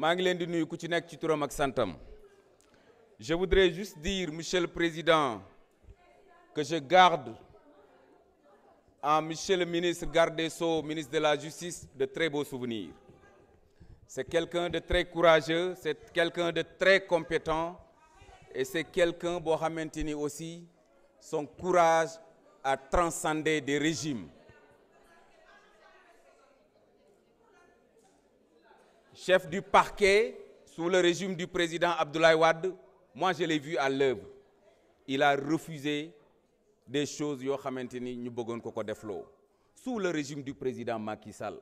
maa ngi leen di nuyu ku ci nekk ci turam ak santam je voudrais juste dire monsieur le président que je garde en monsieur le ministre garde des Sceaux ministre de la justice de très beaux souvenirs c'est quelqu'un de très courageux c'est quelqu'un de très compétent et c'est quelqu'un boo xamante ni aussi son courage a transcendé des régimes chef du parquet sous le régime du président Abdoulaye Wade moi je l'ai vu à l'œuvre il a refusé des choses yoo xamante ni ñu bëggoon ko ko defloo sous le régime du président Macky Sall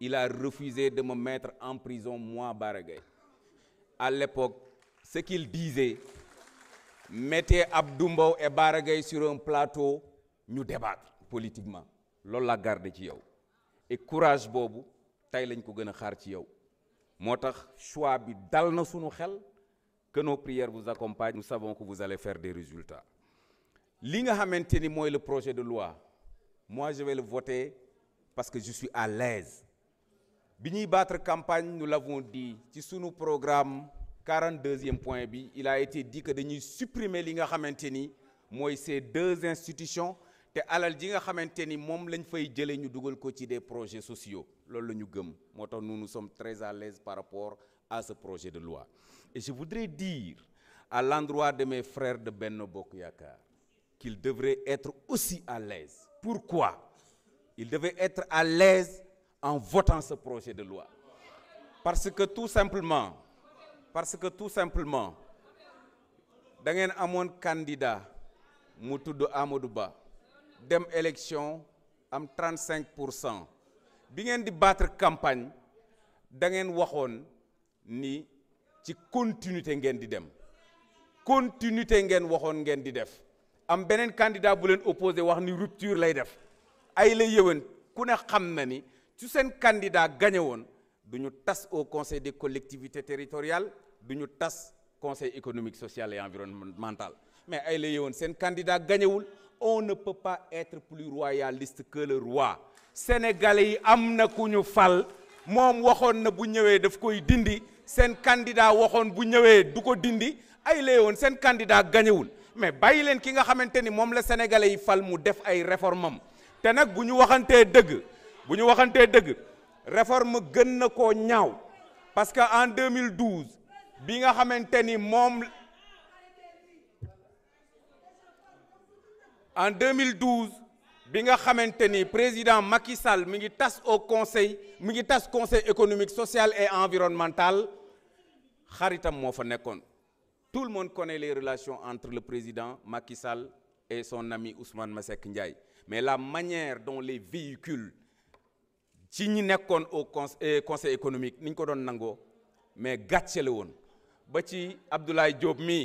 il a refusé de me mettre en prison moi Bara Gaye à l'époque ce qu'il disait mettez Abdou Mbow e Bara Gaye sur un plateau ñu débattre politiquement loolu la garde ci yow et courage boobu tey lañ ko gën a xaar ci yow moo tax choix bi dal na sunu xel que nos prières vous accompagne nous savons que vous allez faire des résultats li nga xamante ni mooy le projet de loi mois je vais le voter parce que je suis à l'aise bi ñuy battre campagne nous l'avons dit ci sunu programme 42 deuxième point bi il a été dit que dañuy supprimer li nga xamante ni mooy ces deux institutions te alal ji nga xamante ni moom lañ fay jëlee ñu dugal ko ci des projets sociaux loolu la ñu gëm moo tax nu nous sommes très à l'aise par rapport à ce projet de loi et je voudrais dire à l'endroit de mes frères de benn Bokk yaakaar qu'ils devraient être aussi à l'aise pourquoi il devaient être à l'aise en votant ce projet de loi parce que tout simplement parce que tout simplement da ngeen amoon candidat mu tudd Amadou Ba dem élection am 35 pour cent bi ngeen di battre campagne da ngeen waxoon ni ci continuité ngeen di dem continuité ngeen waxoon ngeen di def am beneen candidat bu leen opposé wax ni rupture lay def ay la yëwan ku ne xam na ni su seen candidat gagné woon du ñu tas au conseil des collectivités territoriales du ñu tas conseil économique social et environnemental mais ay la yëwoon seen candidat gañewul on ne peut pas être plus royaliste que le roi sénégalais yi am na ku ñu fal moom waxoon na bu ñëwee daf koy dindi seen candidat waxoon bu ñëwee du ko dindi ay la yëwoon seen candidat gañewul mais bàyyi leen ki nga xamante ni moom la sénégalais yi fal mu def ay réforme te nag bu ñu waxantee dëgg bu ñu waxantee dëgg réforme gën na koo ñaaw parce que en 2012 bi nga xamante moom en 2012 bi nga xamante ni président Macky Sall mi ngi tas au conseil mi ngi tas conseil économique social et environnemental xaritam moo fa nekkoon tout le monde connaît les relations entre le président Macky Sall et son ami Ousmane Masseck Ndiaye mais la manière dont les véhicules ci ñi nekkoon au conseil euh, conseil économique ni ko doon nangoo mais gàcce woon ba ci Abdoulaye Diop mi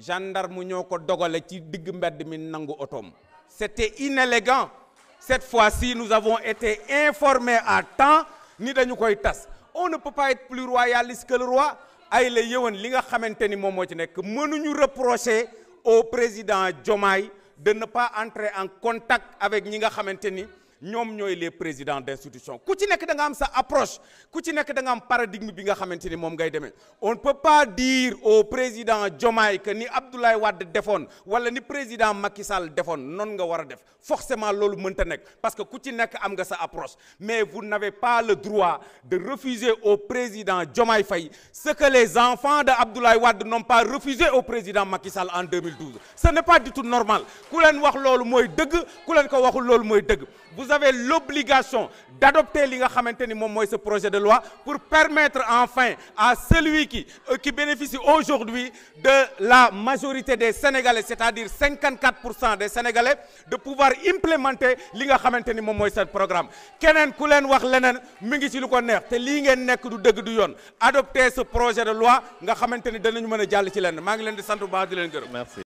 gendarme ñoo ko dogale ci digg mbedd mi nangu otoom c'était inélégant cette fois-ci nous avons été informés à temps ni dañu koy tas on ne peut pas être plus royaliste que le roi ay la yëwan li nga xamante ni moom moo ci nekk mënuñu reproché au président Diomaye de pas entrer en contact avec ñi nga xamante ni ñoom ñooy les présidents d'institution ku ci nekk da nga am sa approche ku ci nekk da nga am paradigme bi nga xamante ni moom ngay demee on ne peut pas dire au président Diomaye que ni Abdoulaye Wade defoon wala ni président Macky Sall defoon noonu nga war a def forcément loolu mënta nekk parce que ku ci nekk am nga sa approche mais vous n'avez pas le droit de refuser au président Diomaye Faye ce que les enfants de Abdoulaye Wade n'ont pas refusé au président Macky Sall en 2012 ce n'est pas du tout normal ku leen wax mooy dëgg ku leen ko waxul loolu mooy dëgg vous avez l'obligation d'adopter li nga xamante ni moom mooy ce projet de loi pour permettre enfin à celui qui euh, qui bénéficie aujourd'hui de la majorité des Sénégalais c'est-à-dire 54 pour cent des Sénégalais de pouvoir implémenter li nga xamante ni moom mooy seen programme keneen ku leen wax leneen mi ngi ci lu ko neex te lii ngeen nekk du dëgg du yoon adopter ce projet de loi nga xamante ni danañu mën a jàll ci lenn maa leen di sant bu leen gërëm